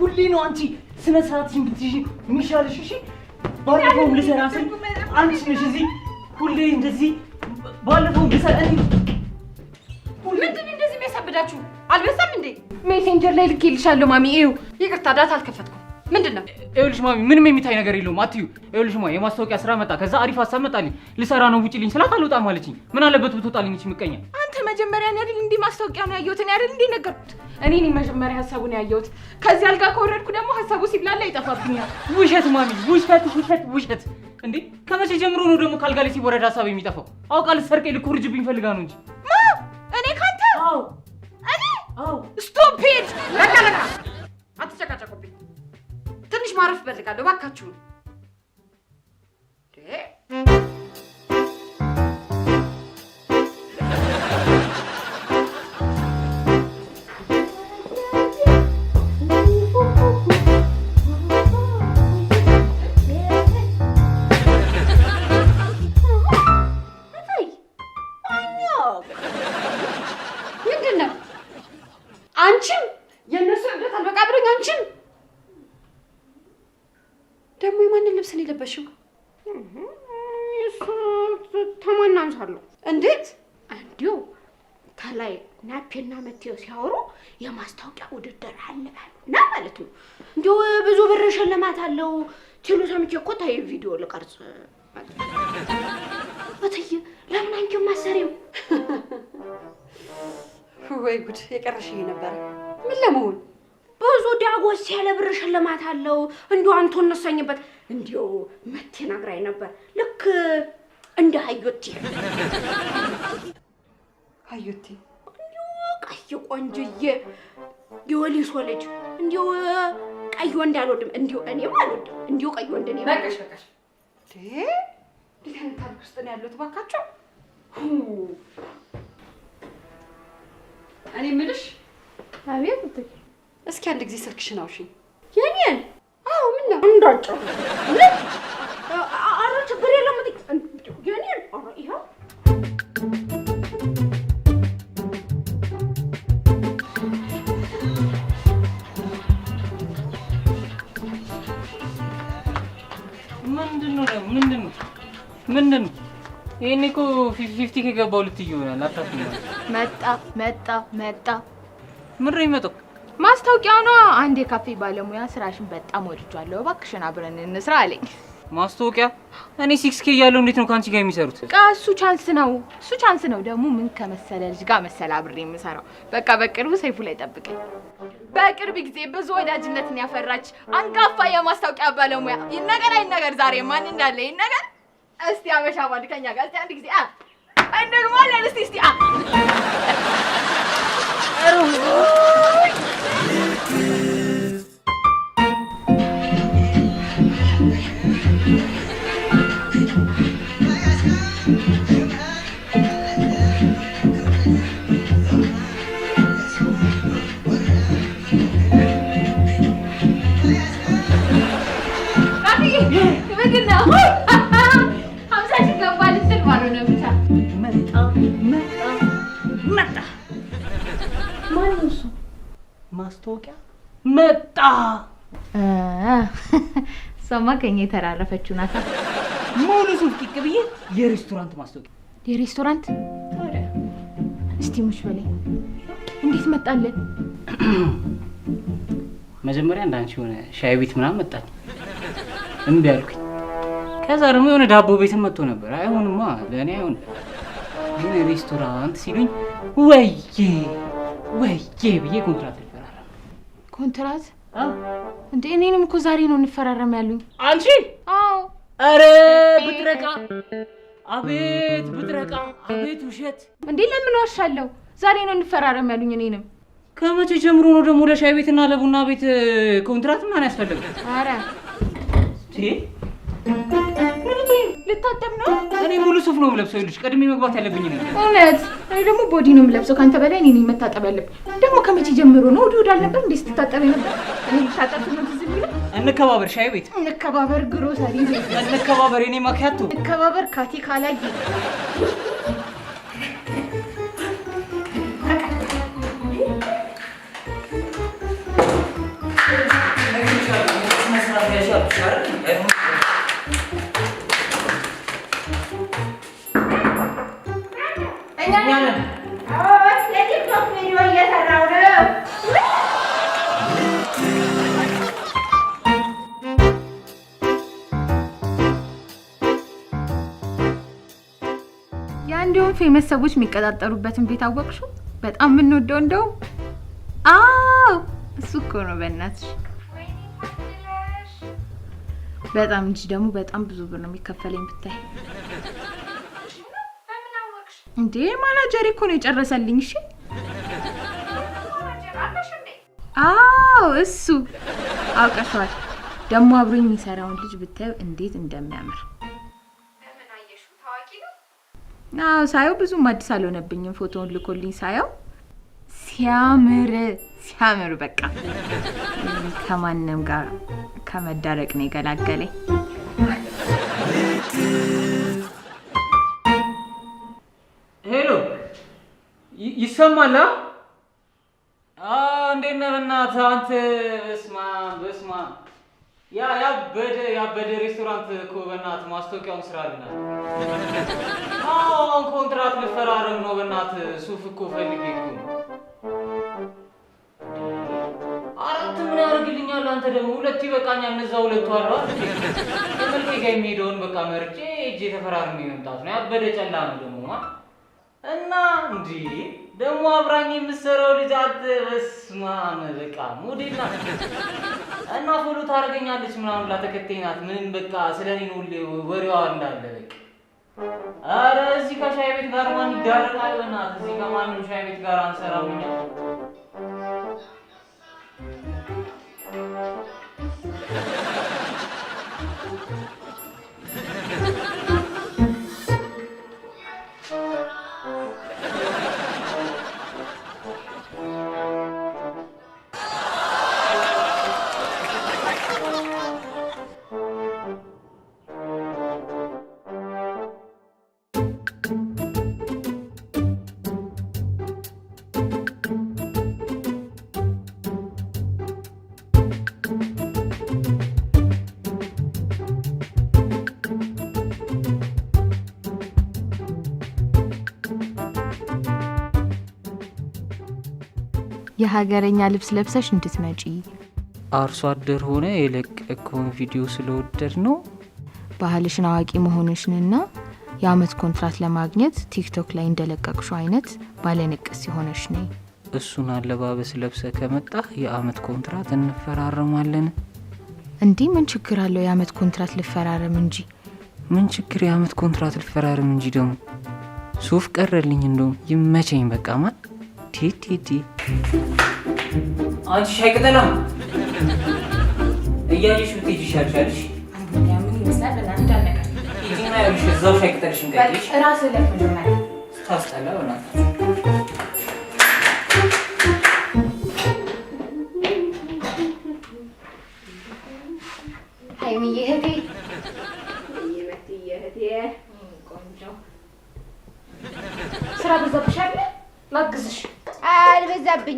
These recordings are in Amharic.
ሁሌ ነው አንቺ ስነ ስርዓትሽን ብትይዢ የሚሻልሽ። እሺ ባለፈውም ልሰራ ስል አንቺ ነሽ እዚህ ሁሌ እንደዚህ። ባለፈው ልሰራ ምንድን እንደዚህ የሚያሳብዳችሁ አልበሳም እንዴ? ሜሴንጀር ላይ ልኬልሻለሁ ማሚ። ይኸው ይቅርታ ዳታ አልከፈትኩም። ምንድን ነው? ይኸውልሽ ማሚ ምንም የሚታይ ነገር የለውም አትዩ። ይኸውልሽ ማ የማስታወቂያ ስራ መጣ፣ ከዛ አሪፍ ሀሳብ መጣልኝ። ልሰራ ነው ውጪልኝ ስላት አልወጣም አለችኝ። ምን አለበት ብትወጣልኝ? እች ምቀኛ። አንተ መጀመሪያ ነው አይደል እንዲህ ማስታወቂያ ነው ያየሁት እኔ አይደል እንዲህ ነገርኩት። እኔ ነኝ መጀመሪያ ሀሳቡን ያየሁት። ከዚህ አልጋ ከወረድኩ ደግሞ ሀሳቡ ሲብላላ ይጠፋብኛል። ውሸት ማሚ፣ ውሸት፣ ውሸት፣ ውሸት። እንዴ ከመቼ ጀምሮ ነው ደግሞ ካልጋ ላይ ሲወረድ ሀሳብ የሚጠፋው? አውቃ ልትሰርቀኝ ልኮርጅብኝ ፈልጋ ነው እንጂ ማ እኔ ካንተ እኔ ስቶፔድ ለካ ለካ አትጨቃጨቁብኝ ትንሽ ማረፍ እፈልጋለሁ እባካችሁ። ምንድን ነው አንቺም የእነሱ እብደት አልበቃ ብሎኝ አንቺም ደግሞ የማንን ልብስ ነው የለበሽው? ተማና አንሳለሁ። እንዴት እንዲሁ ከላይ ናፔና መቴው ሲያወሩ የማስታወቂያ ውድድር አለ እና ማለት ነው። እንዲሁ ብዙ ብር ሽልማት አለው ሲሉ ሰምቼ እኮ ታይ ቪዲዮ ልቀርጽ እትዬ፣ ለምን አንቺው ማሰሪው ወይ ጉድ! የቀረሽ ይሄ ነበረ ምን ለመሆን ብዙ ዳጎስ ያለ ብር ሽልማት አለው። እንዲሁ አንቶ እነሳኝበት እንዲሁ መቴ ነግራኝ ነበር። ልክ እንደ ሀዮቴ ሀዮቴ እንዲሁ ቀይ ቆንጅዬ የወሊሶ ልጅ እንዲሁ ቀይ ወንድ አልወድም፣ እንዲሁ እኔም አልወድም። እንዲሁ ቀይ ወንድ ኔ በቃሽ በቃሽ። ታሪክ ውስጥ ነው ያሉት ባካቸው። እኔ የምልሽ አቤት እስኪ አንድ ጊዜ ስልክሽን አውሽኝ። የኔን? አዎ። ምን ነው እንዳጫ? አረ፣ ችግር የለም የኔን። አረ፣ ይኸው ምንድን ነው? ምንድን ነው? ምንድን ነው? ይሄኔ እኮ ፊፍቲ ከገባው ልትይ ይሆናል። አታስቢ። መጣ መጣ መጣ። ምን ነው ማስታወቂያ ነው። አንድ የካፌ ባለሙያ ስራሽን በጣም ወድጃለሁ፣ እባክሽን አብረን እንስራ አለኝ። ማስታወቂያ እኔ ሲክስ ኬ እያለሁ እንዴት ነው ከአንቺ ጋር የሚሰሩት? በቃ እሱ ቻንስ ነው፣ እሱ ቻንስ ነው። ደግሞ ምን ከመሰለ ልጅ ጋር መሰለ አብሬ የምሰራው። በቃ በቅርቡ ሰይፉ ላይ ጠብቀኝ። በቅርብ ጊዜ ብዙ ወዳጅነትን ያፈራች አንጋፋ የማስታወቂያ ባለሙያ። ይነገር አይነገር፣ ዛሬ ማን እንዳለ ይነገር። እስቲ አበሻ ባል ከኛ ጋር እስቲ አንድ ጊዜ አ እስቲ እስቲ መጣ መጣ። ማነው እሱ? ማስታወቂያ መጣ። እሷማ ከኛ የተራረፈችው ናት ሙሉ ሱፍ ቂቅ ብዬ የሬስቶራንት ማስታወቂያ የሬስቶራንት እስቲ ሙሽ በላይ እንዴት መጣለን? መጀመሪያ እንዳንቺ የሆነ ሻይ ቤት ምናምን መጣች፣ እምቢ አልኩኝ። ከዛ ደግሞ የሆነ ዳቦ ቤትን መጥቶ ነበር። አይሆንማ ለእኔ አይሆን ግን ሬስቶራንት ሲሉኝ ወዬ ወዬ ብዬ ኮንትራት ልፈራረም። ኮንትራት እንደ እኔንም እኮ ዛሬ ነው እንፈራረም ያሉኝ። አንቺ? አዎ። ኧረ ብትረቃ! አቤት ብትረቃ! አቤት ውሸት! እንዴ ለምን ዋሻለሁ? ዛሬ ነው እንፈራረም ያሉኝ እኔንም። ከመቼ ጀምሮ ነው ደግሞ ለሻይ ቤትና ለቡና ቤት ኮንትራት ማን ያስፈልጋል? ኧረ ልታጠብ ነው። እኔ ሙሉ ሱፍ ነው የምለብሰው። ልጅ ቀድሜ መግባት ያለብኝ ነው። እውነት እኔ ደግሞ ቦዲ ነው የምለብሰው። ከአንተ በላይ እኔ መታጠብ ያለብኝ። ደግሞ ከመቼ ጀምሮ ነው? ወዲ ወዳል ነበር እንዴ ስትታጠብ ነበር? እኔ ልታጠብ ነው ትዝ የሚለው። እንከባበር፣ ሻይ ቤት እንከባበር፣ ግሮሰሪ ቤት እንከባበር፣ እኔ ማኪያቶ እንከባበር፣ ካቲ ካላየ የአንዲውን ፌመስ ሰዎች የሚቀጣጠሩበትን ቤት አወቅሹ በጣም የምንወደው እንደውም አዎ፣ እሱ እኮ ነው። በእናትሽ በጣም እንጂ ደግሞ በጣም ብዙ ብር ነው የሚከፈለኝ ብታይ እንዴ ማናጀር እኮ ነው የጨረሰልኝ። እሺ አዎ እሱ አውቀሻል። ደግሞ አብሮ የሚሰራውን ልጅ ብታዩ እንዴት እንደሚያምር አዎ ሳየው ብዙም አዲስ አልሆነብኝም። ፎቶውን ልኮልኝ ሳየው ሲያምር ሲያምር በቃ ከማንም ጋር ከመዳረቅ ነው የገላገለኝ። ይሰማል። እንዴት ነህ? በእናትህ አንተ በስመ አብ በስመ አብ ያ ያበደ ያበደ ሬስቶራንት እኮ በእናትህ ማስታወቂያውን ስራ አለ። አሁን ኮንትራት ልፈራረም ነው በእናትህ ሱፍ እኮ ፈልጌ እኮ አራት ምን ያደርግልኛል? አንተ ደግሞ ሁለት ይበቃኛል። እነዛ ሁለቱ አሉ ከመልኬ ጋር የሚሄደውን በቃ መርጬ እጄ ተፈራርሜ መምጣት ነው። ያበደ ጨላ ነው ደግሞ እና እንዲህ ደግሞ አብራኝ የምትሰራው ልጅ አንተ በስመ በቃ ሞዴል እና ፎሎ ታደርገኛለች ምናምን ብላ ተከታይ ናት። ምንም በቃ ስለ እኔ ነው ወሬዋ እንዳለ በቃ። አረ እዚህ ከሻይ ቤት ጋር ማን ይዳረቃል? በእናትህ እዚህ ከማንም ሻይ ቤት ጋር አንሰራም እኛ የሀገረኛ ልብስ ለብሰሽ እንድትመጪ አርሶ አደር ሆነ የለቀቀውን ቪዲዮ ስለወደድ ነው ባህልሽን አዋቂ መሆንሽንና የአመት ኮንትራት ለማግኘት ቲክቶክ ላይ እንደለቀቅሹ አይነት ባለንቅስ የሆነሽ ነኝ። እሱን አለባበስ ለብሰ ከመጣ የአመት ኮንትራት እንፈራረማለን። እንዲህ ምን ችግር አለው? የአመት ኮንትራት ልፈራረም እንጂ ምን ችግር የአመት ኮንትራት ልፈራረም እንጂ ደግሞ ሱፍ ቀረልኝ። እንደውም ይመቸኝ በቃ ማን Ti ti ti. አንቺ ሻይ ቅጠላ እያየሽ ብትሄጂ ይሻልሻልሽ። ያምን ይመስላል። በእናትህ እንዳነቀ ሂጂና ያሉሽ እዛው ሻይ ቅጠልሽን ቀይሽ። ራስህ ዕለት መጀመሪያ ስታስጠላ በእናትህ ሀይሚዬ እህቴ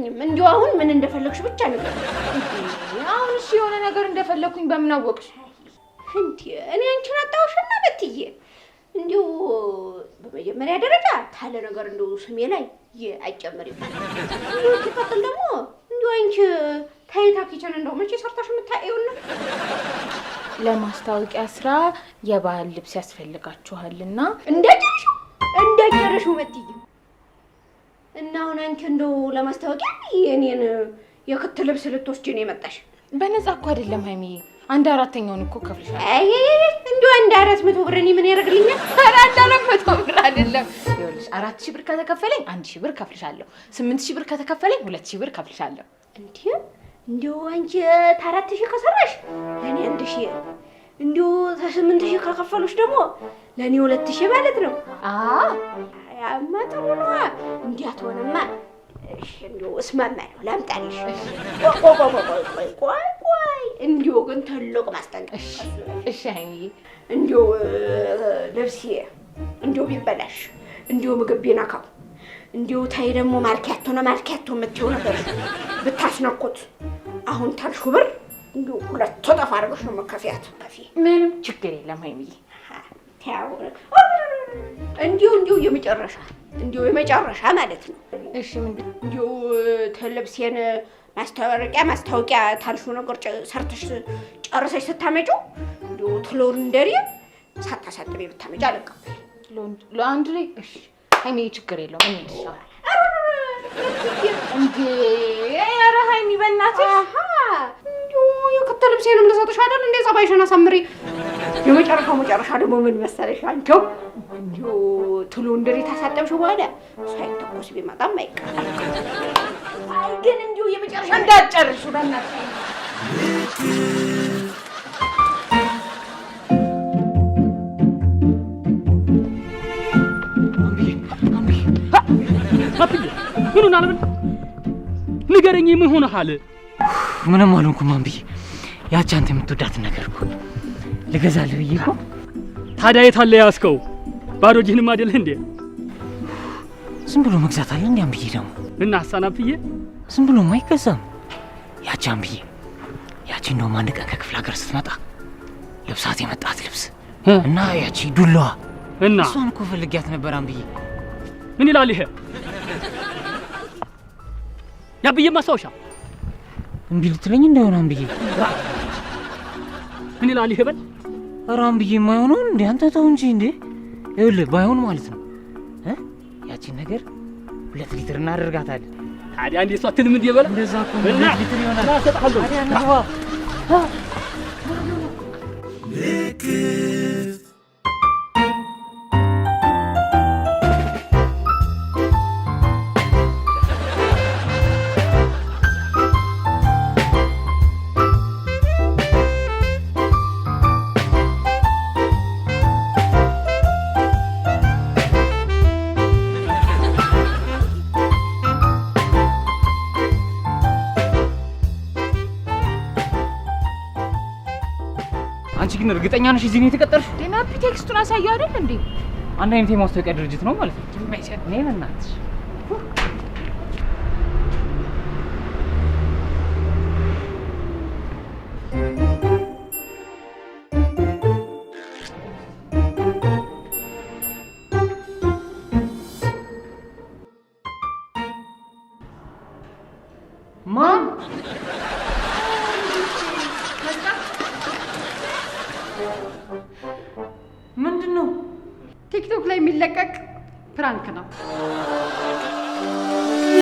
የለኝም። እንዲሁ አሁን ምን እንደፈለግሽ ብቻ ነገር አሁን እሺ፣ የሆነ ነገር እንደፈለግኩኝ በምን አወቅሽ? እንዲ እኔ አንቺን አጣውሽና በትዬ፣ እንዲሁ በመጀመሪያ ደረጃ ታለ ነገር እንደ ስሜ ላይ አይጨምሪም። ሲቀጥል ደግሞ እንዲሁ አንቺ ታይታ ኪችን እንደው መቼ ሰርታሽ የምታየውና ለማስታወቂያ ስራ የባህል ልብስ ያስፈልጋችኋልና እንደ ጨርሹ እንደ ጨርሹ መትዬ እና አሁን አንቺ እንደው ለማስታወቂያ የእኔን የክት ልብስ ልትወስጂ ነው የመጣሽ? በነፃ እኮ አይደለም ሀይሚዬ፣ አንድ አራተኛውን እኮ ከፍልሻለሁ። አይ እንዲሁ አንድ አራት መቶ ብር እኔ ምን ያደርግልኛል? ኧረ አንድ አራት መቶ ብር አይደለም። ይኸውልሽ አራት ሺህ ብር ከተከፈለኝ አንድ ሺህ ብር ከፍልሻለሁ። ስምንት ሺህ ብር ከተከፈለኝ ሁለት ሺህ ብር ከፍልሻለሁ። እንዲህ እንዲሁ አንቺ ታራት ሺህ ከሰራሽ ለእኔ አንድ ሺህ እንዲሁ ስምንት ሺህ ከከፈሉሽ ደግሞ ለእኔ ሁለት ሺህ ማለት ነው። አዎ ያማ ጥሩ ነዋ። እንዲያት ሆነማ እንዲያው እስማማለሁ። ቆይ ቆይ ቆይ ቆይ፣ ግን ትልቅ ማስጠንቀቂያ። እሺ አይዬ፣ ልብሴ እንዲያው ቢበላሽ፣ እንዲያው ምግብ ቢነካው፣ እንዲያው ታይ ደግሞ ማልኪያቶ ነው ማልኪያቶ የምትይው ነበር ብታስነኩት፣ አሁን ታልሹ ብር እንዲያው ሁለት ተጠፋ አድርገሽ ነው መከፍያት። ምንም ችግር የለም አይዬ። እንዲሁ እንዲሁ የመጨረሻ እንዲሁ የመጨረሻ ማለት ነው። እሺ ምንድን እንዲሁ ተልብሴን ማስታወቂያ ማስታወቂያ ታልሽው ነገር ሰርተሽ ጨርሰሽ ስታመጩ እንዲሁ ትሎር እንደሪ ሳታሳጥቤ ብታመጭ አለቃ ለአንድሬ እሺ ሀይሚ ችግር የለውም እንሂድ ይሻላል። እንዴ ኧረ ሀይሚ በእናትሽ እንዲሁ የከተ ልብሴንም ልሰጥሽ አይደል እንዴ ጸባይሽን አሳምሪ የመጨረሻው መጨረሻ ደግሞ ምን መሰለሽ አንቺው እንዲሁ ትሉ እንድሪ ታሳጠብሽ በኋላ ሳይተኮስ ቢመጣም አይቀር። አይ ግን እንዲሁ የመጨረሻ እንዳትጨርሽ በእናትሽ። ምኑን አለምን ንገረኝ። ምን ሆነሃል? ምንም አልሆንኩም። አንብዬ ያቺ አንተ የምትወዳትን ነገር እኮ ልገዛለህ ብዬ እኮ። ታዲያ የት አለ ያዝከው? ባዶ እጅህንም አይደለህ እንዴ? ዝም ብሎ መግዛት አለ እንዲያም ብዬ ደግሞ እና ሀሳናብ ብዬ ዝም ብሎ አይገዛም። ያቻም ብዬ ያቺ እንደውም አንድ ቀን ከክፍለ ሀገር ስትመጣ ልብሳት የመጣት ልብስ እና ያቺ ዱላዋ እና እሷን እኮ ፈልጊያት ነበር አንብዬ። ምን ይላል ይሄ ያ ያብዬ ማስታወሻ እምቢ ልትለኝ እንደሆነ አንብዬ ምን ይላል ይሄ በል ራም ብዬ የማይሆነው እንዴ አንተ ተው እንጂ እንዴ። ይኸውልህ ባይሆን ማለት ነው ያቺን ነገር ሁለት ሊትር እናደርጋታለን። ታዲያ እንዴ እሷ ትልም እንዴ በላ እንደዛ እኮ ሁለት ሊትር ይሆናል። ታዲያ እንግባ ልክ ግን እርግጠኛ ነሽ እዚህ ነው የተቀጠርሽ? ቴክስቱን አሳየው አይደል እንዴ? አንድ አይነት የማስታወቂያ ድርጅት ነው ማለት ነው።